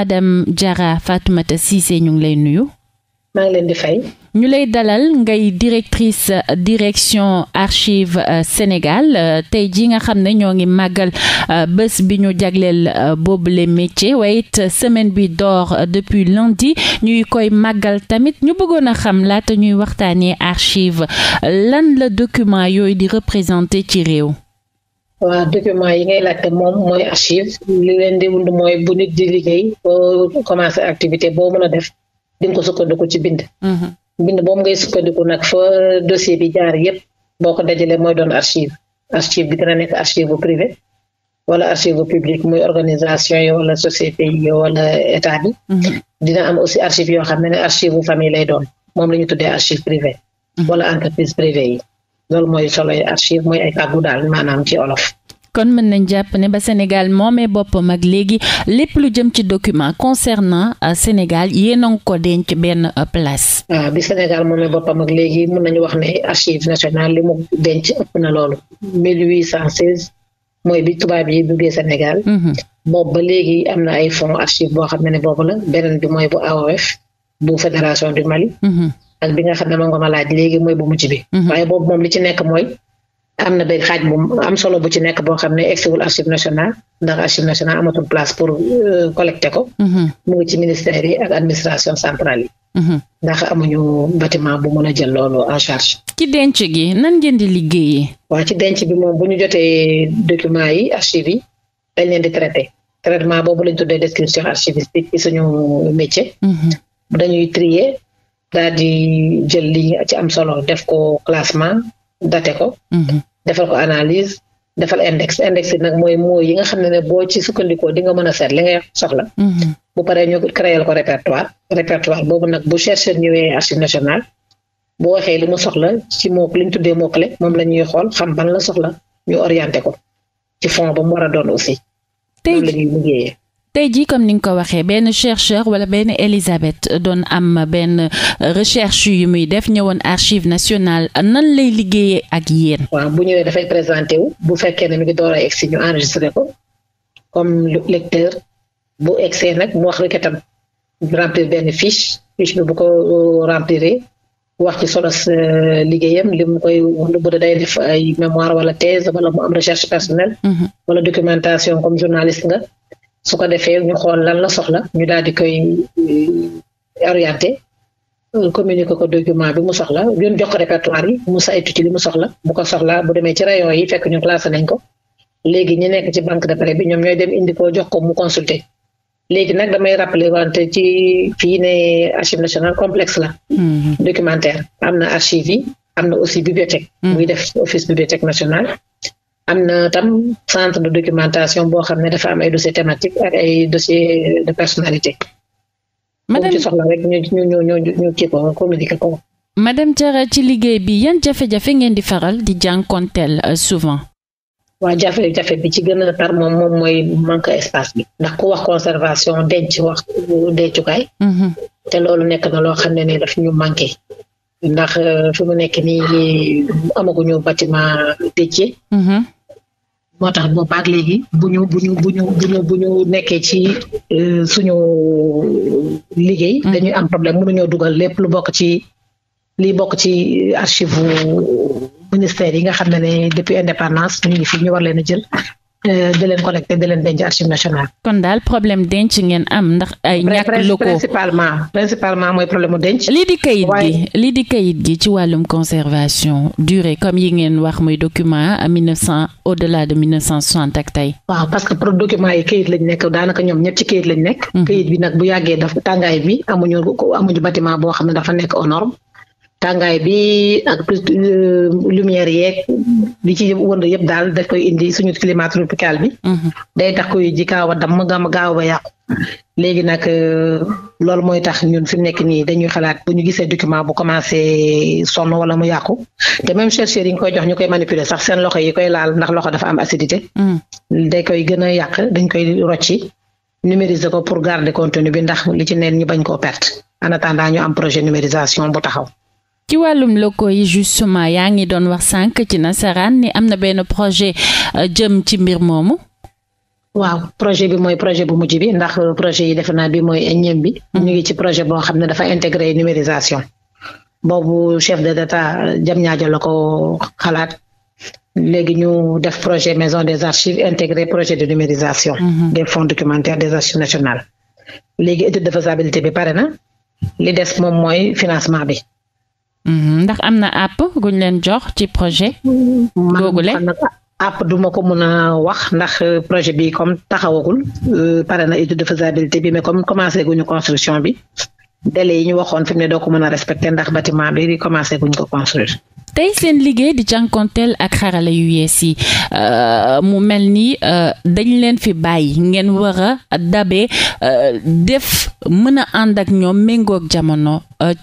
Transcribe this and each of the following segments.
madame Diarra Fatoumata Cissé ñu ngi lay nuyu. fay. ñu lay dalal ngay directrice direction archive euh, Sénégal euh, tey jii nga xam ne ñoo ngi màggal euh, bës bi ñu jagleel boobule métier waaye it semaine bi door depuis lundi ñuy koy màggal tamit ñu bëggoon a xam laata ñuy waxtaanee archive lan la document yooyu di représenté ci réew. waa euh, document yi ngay laajte moom mooy archive li leen di wund mooy bu nit di liggéey boo commencé activité boo mën a def ding nga ko sukkandiku ci bind mhm. bind boobu ngay sukkandiku nag fa dossier bi jaar yépp boo ko dajalee mooy doon archive archive bi dina nekk archive bu privé wala archive bu public muy organisation yi wala société yi wala état bi mhm. dina am aussi archive yoo xam ne ne archive bu famille lay doon moom la ñu tuddee archive privé mhm. wala entreprise privée yi loolu mooy soloy archive mooy ay kàggu daal maanaam ci olof. kon mën nañ jàpp ne ba Sénégal moomee boppam ak léegi lépp lu jëm ci document concernant euh, Sénégal yéen a ngi ko denc benn euh, place. Ah, bi Sénégal moomee boppam ak léegi mën nañu wax ne archive nationale li mu denc ëpp na loolu. 1816 mooy bi tubaab yi duggee Sénégal. Mhm. boobu ba léegi am na ay fonds archive boo xam ne ne boobu la beneen bi mooy bu AOF bu fédération du Mali. Mhm. ak bi nga xam ne moom nga ma laaj léegi mooy bu mujj bi. Mhm. waaye boobu moom li ci nekk mooy. am na benn xaaj bu am solo bu ci nekk boo xam ne egsiwul archive nationale ndax archive nationale amatul place pour euh, collecter ko. Mhm. mu ngi ci ministère yi ak administration centrale yi. Mhm. ndax amuñu bâtiment bu mun a jël loolu en charge. ci denc gi nan ngeen di liggéeyee. waaw ci denc bi moom bu ñu jotee documents yi archives yi dañ leen di traité traitement boobu lañ tuddee description archiviste ci suñu métier. dañuy trier daal di jël li ci am solo def ko classement daté ko mhm. defal ko analyse defal index index yi nag mooy mooy yi nga xam ne ne boo ci sukkandikoo di nga mën a seet li ngay soxla mhm. bu pare paree ñu créer ko répertoire répertoire boobu nag bu chercheur ñëwee archive national boo waxee li mu soxla ci moo li ñu tuddee mot clé moom la ñuy xool xam ban la soxla ñu orienté ko ci fond ba mu war a doon aussi tey tey jii comme ni nga ko waxee benn chercheur wala benn Elisabeth doon am benn euh, recherche yu muy def ñëwoon archive nationale nan lay liggéeyee ak yéen. waaw bu ñëwee dafay présenté wu bu fekkee ne mi ngi door a egsi ñu ko comme lecteur bu egsee nag mu wax requêtam remplir benn fiche fiche bu ko euh, remplir wax ci solos euh, liggéeyam li mu koy bu dee day def ay mémoire wala thèse wala mu am recherche personnelle. Mhm. wala documentation comme journaliste nga. su ko defee ñu xool lan la soxla ñu daal di koy euh, orienté euh, communiqué ko document bi mu soxla ñun jox ko répertoire yi mu saytu ci li mu soxla bu ko soxla bu demee ci rayon yi fekk ñu classé nañ ko léegi ñi nekk ci banque de prêt bi ñoom ñooy dem indi ko jox ko mu consulter léegi nag damay rappeler wante ci fii ne archive nationale complexe la mm-hmm. documentaire am na archive yi am na aussi bibliothèque mm-hmm. muy def office bibliothèque nationale am na tam centre de documentation boo xam ne dafa am ay dossier thématique ak ay dossier de personnalité. madame ci soxla rek ko communiqué ko. madame ci liggéey bi yan jafe-jafe ngeen di faral di jànkonteel euh, souvent. waa jafe-jafe bi ci gën a tar moom moom mooy manque espace bi ndax ku wax conservation denc wax dencukaay. Mhm. te loolu nekk na loo xam ne ni daf ñu manqué. ndax euh, fi mu nekk nii amaguñu bâtiment dédié. Mhm. moo tax boobaak léegi bu ñu buñu ñu bu ñu bu bu ñu nekkee ci euh, suñu liggéey. Mm. dañuy am problème mënuñoo dugal lépp lu bokk ci li bokk ci archive ministère yi nga xam ne ne dépuis indépendance ñu ngi fi ñu war leen a jël Euh, di leen collecté di leen denc archive nationale. kon daal problème denc ngeen am ndax ay. ñàkk locaux principalement mooy problème mu denc. lii di kayit gi lii di kayit gi ci wàllum conservation durée comme yi ngeen wax muy document am mille neuf cent au delà de mille neuf cent soixante ak tey. waaw parce que pour document yi kayit lañ nekk daanaka ñoom ñëpp ci kayit lañ nekk. Mhm. kayit bi nag bu yàggee dafa tàngaay bi amuñu amuñu bâtiment boo xam ne dafa nekk aux tàngaay bi ak euh, lumière yeeg li ci wënd yëpp daal da koy indi suñu climat tropical bi. Mhm. day tax kuy jikaaw gaaw a damm gaaw a gaaw a yàqu. léegi nag euh, loolu mooy tax ñun fi mu nekk nii dañuy xalaat bu ñu gisee document bu commencé sonn wala mu yàqu te même chercheurs yi ñu koy jox ñu koy manipuler sax seen loxo yi koy laal ndax loxo dafa am acidité. Mhm. day koy gën a yàq dañ koy rocci numériser ko pour garder contenu bi ndax li ci neen ñu bañ koo perte en attendant ñu am projet numérisation bu taxaw. ci wàllum locaux yi justement yaa ngi doon wax sànq ci nasaraan ni am na benn projet euh, jëm ci mbir moomu. waaw projet bi mooy projet bu mujj bi ndax projet yi defe naa bi mooy ñëm bi. Hmm. ñu ngi ci projet boo xam ne dafa intégré numérisation boobu chef de l'État Diamniadio la ko xalaat léegi ñu def projet maison des archives intégré projet de numérisation. Hmm. des fonds documentaires des archives nationales. léegi étude de faisabilité bi pare na li des moom mooy financement bi Mhm. ndax am na àpp guñ leen jox ci projet. googule àpp du ma ko mun a wax ndax euh, projet bi comme taxawagul euh, pare na étude de faisabilité bi mais comme commencé guñu construction bi. délai yi ñu waxoon fi ne doo ko mën a respecté ndax bâtiment bi di commencé buñ ko construire. tey seen liggéey di jànkonteel ak xarala yu yees yi euh, mu mel ni euh, dañ leen fi bàyyi ngeen war a dabe euh, def mën a ànd ak ñoom méngoog jamono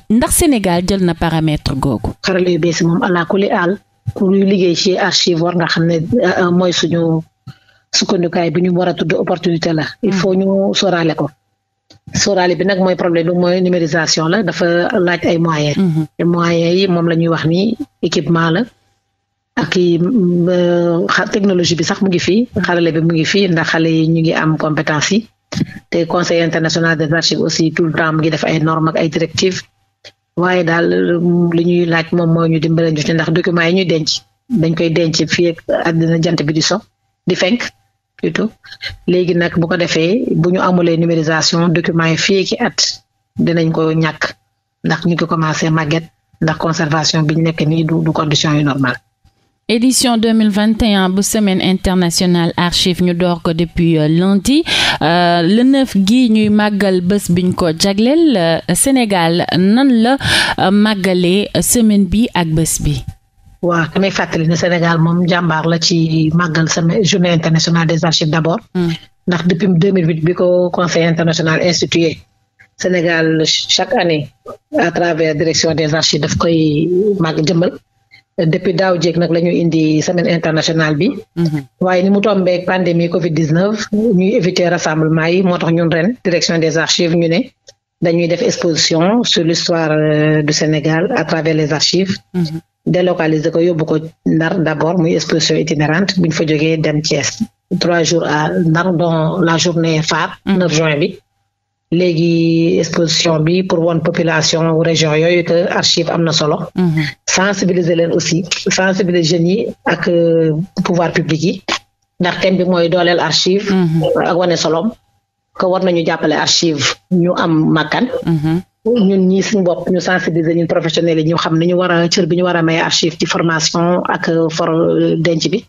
ndax Sénégal jël na paramètre googu. xarala yu bees yi moom allah kulli àll ku liggéey ci archive war nga xam ne mooy suñu sukkandukaay bu ñu war a tudd opportunité la. il hmm. faut ñu sóoraale ko. sóoraale bi nag mooy problème bi mooy numérisation la dafa laaj ay moyens mhm. te moyens yi moom la ñuy wax ni équipement la ak mm, euh, technologie bi sax mu ngi fii xarale bi mu ngi fii ndax xale yi ñu ngi am compétence yi te conseil international des archives aussi tout le temps mu ngi def ay normes ak ay directives waaye daal mm, li ñuy laaj moom mooy ñu dimbale ñu ci ndax documents yi ñuy denc dañ koy denc fii ak àddina jant bi di so di fenk plutôt léegi nag bu ko defee bu ñu amulee numérisation documents yi fii ki at dinañ ko ñàkk ndax ñu ko commencé màgget ndax conservation bi ñu nekk nii du du condition yi normale édition 2021 bu semaine internationale archive ñu door ko depuis euh, lundi euh, le neuf gi ñuy màggal bés biñ ko jagleel euh, Sénégal nan la màggalee semaine bi ak bës bi waaw damay fàttali ne Sénégal moom jàmbaar la ci màggal sama journée internationale des archives d'abord. Mm. ndax depuis 2008 bi ko conseil international institué Sénégal chaque année à travers direction des archives daf koy màgg jëmbal depuis daaw jéeg nag la indi semaine internationale bi. Mm-hmm. waaye ni mu tombé pandémie Covid 19 ñuy éviter rassemblement yi moo tax ñun ren direction des archives ñu ne. dañuy def exposition sur l'histoire euh, du Sénégal à travers les archives. Mm-hmm. délocaliser ko yóbbu ko Ndar d'abord muy exposition itinérante buñ fa jógee dem Thiès trois jours à Ndar don la journée phare. 9 mm. juin bi. léegi exposition bi pour won population région yooyu que archive am na solo. Mm-hmm. sensibiliser leen aussi sensibiliser jeunes yi ak euh, pouvoir public yi ndax bi mooy dooleel archive. Mm-hmm. ak wane solom que war ñu jàppale archive ñu am màkkan. Mm-hmm. ñun ñii suñu ñu sensibiliser ñun professionnels yi ñu xam ne ñu war a ñu war a may archive ci formation ak for euh, denc bi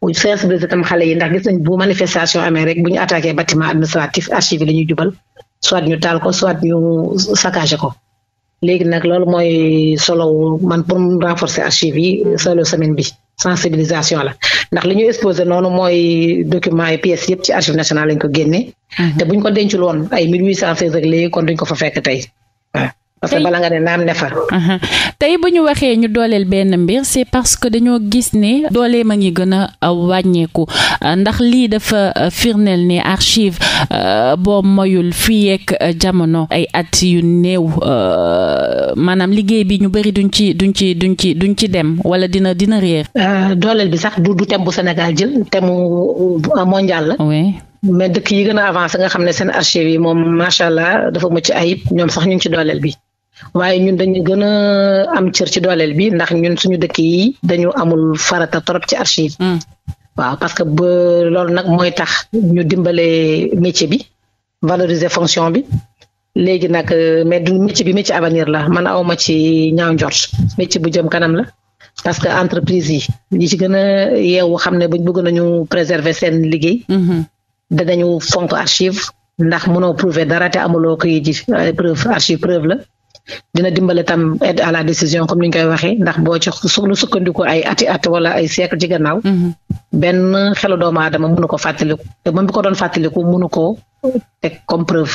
bu sensibiliser tam xale yi ndax gis nañ bu manifestation amee rek bu ñu attaqué bâtiment administratif archive yi la ñuy jubal soit ñu taal ko soit ñu saccagé ko léegi nag loolu mooy solo man pour renforcer archive yi solo semaine bi sensibilisation la ndax li ñu exposé noonu mooy documents yi pièces yëpp ci archive nationale lañ ko génne. Mhm. te buñ ko dencul woon cent seize ak léegi ko fekk tey. parce que bala nga ne naam ne fa. tey bu ñu waxee ñu dooleel benn mbir c'est parce que dañoo gis ne doole ma ngi gën a wàññeeku ah, ndax lii dafa firndeel ne archive boo moyul fii yeeg jamono ay at yu néew maanaam liggéey bi ñu bëri duñ ci duñ ci duñ ci duñ ci dem wala dina dina réer. Ah, dooleel bi sax du du thème bu senegal jël thème mondial la. mais dëkk yi gën a avancé nga xam ne seen archives yi moom macha allah dafa mucc ayib ñoom sax ñu ngi ci dooleel bi waaye ñun dañu gën a am cër ci dooleel bi ndax ñun suñu dëkk yi dañu amul farata trop ci archive mm. waaw parce que ba loolu nag mooy tax ñu dimbale métier bi valoriser fonction bi léegi nag mais du métier bi métier avenir la man awma ci ñaaw njort métier bu jëm kanam la parce que entreprise yi ñi ci gën a yeewu xam ne buñ bëgg nañu préserver seen liggéey mm-hmm. danañu fonk archive ndax mënoo prouver dara te amuloo kayit ji euh, preuve archive preuve la dina dimbale tam aide à la décision comme ni ñu koy waxee ndax boo ci soxla sukkandiku ay ati at wala ay siècle ci gannaaw. Mhm. benn xelu doomu aadama mënu ko fàttaliku te moom ko doon fàttaliku mënu ko teg comme preuve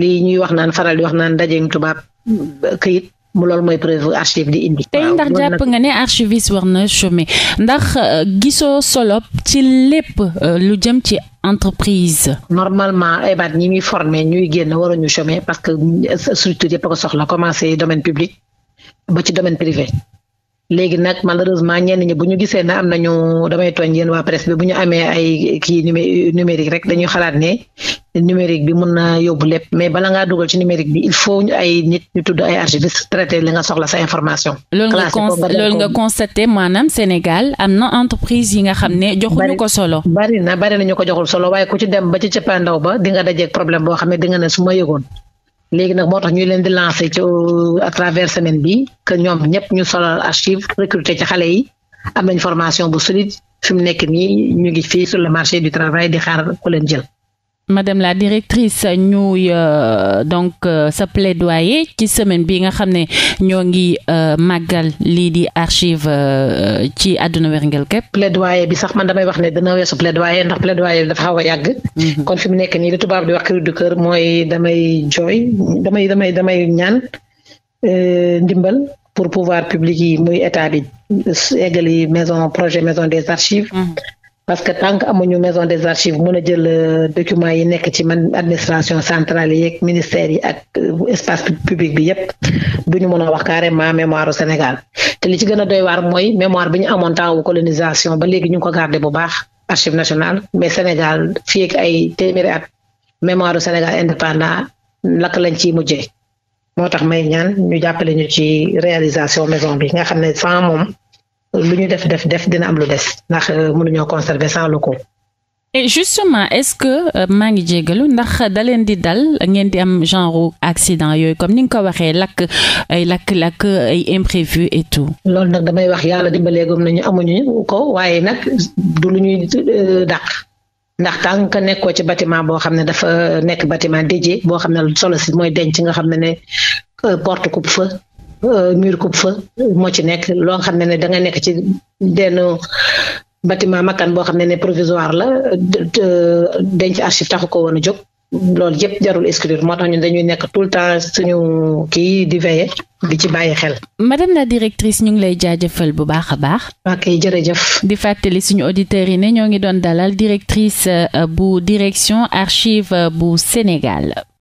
lii ñuy wax naan faral di wax naan ndajeem tubaab euh, kayit mu loolu mooy preuve archive di indi. tey ndax jàpp nga ne archiviste war na chômer ndax euh, gisoo solo ci lépp euh, lu jëm ci entreprise. normalement ay baat ñi muy formé ñuy génn ñu chômer parce que euh, structure yëpp a ko soxla commencé domaine public ba ci domaine privé. léegi nag malheureusement ñenn ñi bu ñu gisee na am nañu damay tooñ yéen waa presse bu ñu amee ay kii numérique rek dañuy xalaat ne numérique bi mun na yóbbu lépp mais bala ngaa dugal ci numérique bi il faut ay nit ñu tudd ay archiviste traité li nga soxla sa information. loolu nga constaté maanaam Sénégal am na entreprise yi nga xam ne joxuñu ko solo. bari na bari na ñu ko joxul solo waaye ku ci dem ba ci cëppaandaw ba di nga dajeeg problème boo xam ne di ne su ma yëgoon. léegi nag moo tax ñu leen di lancé ci euh, à travers semaine bi que ñoom ñëpp ñu solal archive recruté ci xale yi am nañ formation bu solide fi mu nekk nii ñu ngi fii sur le marché du travail di xaar ku leen jël. madame la directrice ñuy euh, donc euh, sa plaidoyer ci semaine bi nga xam ne ñoo ngi euh, màggal lii di archive ci àdduna wérngel képp plaidoyer bi sax man damay wax ne dana weesu plaidoyer ndax plaidoyer bi dafa xaw a yàgg mhm. kon fi mu nekk nii li tubaab di wax cri du cœur mooy damay jooy damay damay damay ñaan ndimbal pour pouvoir public yi muy état bi eggali maison projet maison des archives mhm. parce que tant que amuñu maison des archives mën a jël euh, documents yi nekk ci man administration centrale yeeg ministère yi ak euh, espace public bi yépp duñu mën a wax carrément mémoire au Sénégal te li ci gën a doy waar mooy mémoire bi ñu amoon taawu colonisation ba léegi ñu ngi ko bu baax archive nationale mais Sénégal fii ak ay téeméeri at mémoire au Sénégal indépendant lakk lañ ci mujjee moo tax may ñaan ñu jàppale ñu ci réalisation maison bi nga xam ne sans moom lu ñu def def def dina am lu des ndax euh, mënuñoo conserver sans locaux ko justement est-ce que euh, maa ngi jégalu ndax da leen di dal ngeen di am genre accident yooyu comme ni nga ko waxee lakk ay lakk-lakk ay imprévu et tout loolu nag damay wax yàlla dimbaleegum nañu amuñu ko waaye nag du lu ñuy euh, daq ndax tant que nekkoo ci batiment boo xam ne dafa nekk bâtiment dédié boo xam ne solo si mooy denc nga xam ne ne porte coupe fa Euh, miir coupe fa moo ci nekk loo xam ne ne da nga nekk ci benn batiment makkaan boo xam ne ne provisoire la denc archive taxu ko woon a jóg loolu yëpp jarul exclure moo tax ñu dañuy nekk tout le temps suñu kii di veiller di ci bàyyi xel. madame la directrice ñu ngi lay jaajëfal bu baax a baax. ok jëf di fàttali suñu auditeurs yi ne ñoo ngi doon dalal directrice euh, bu direction archive euh, bu Sénégal.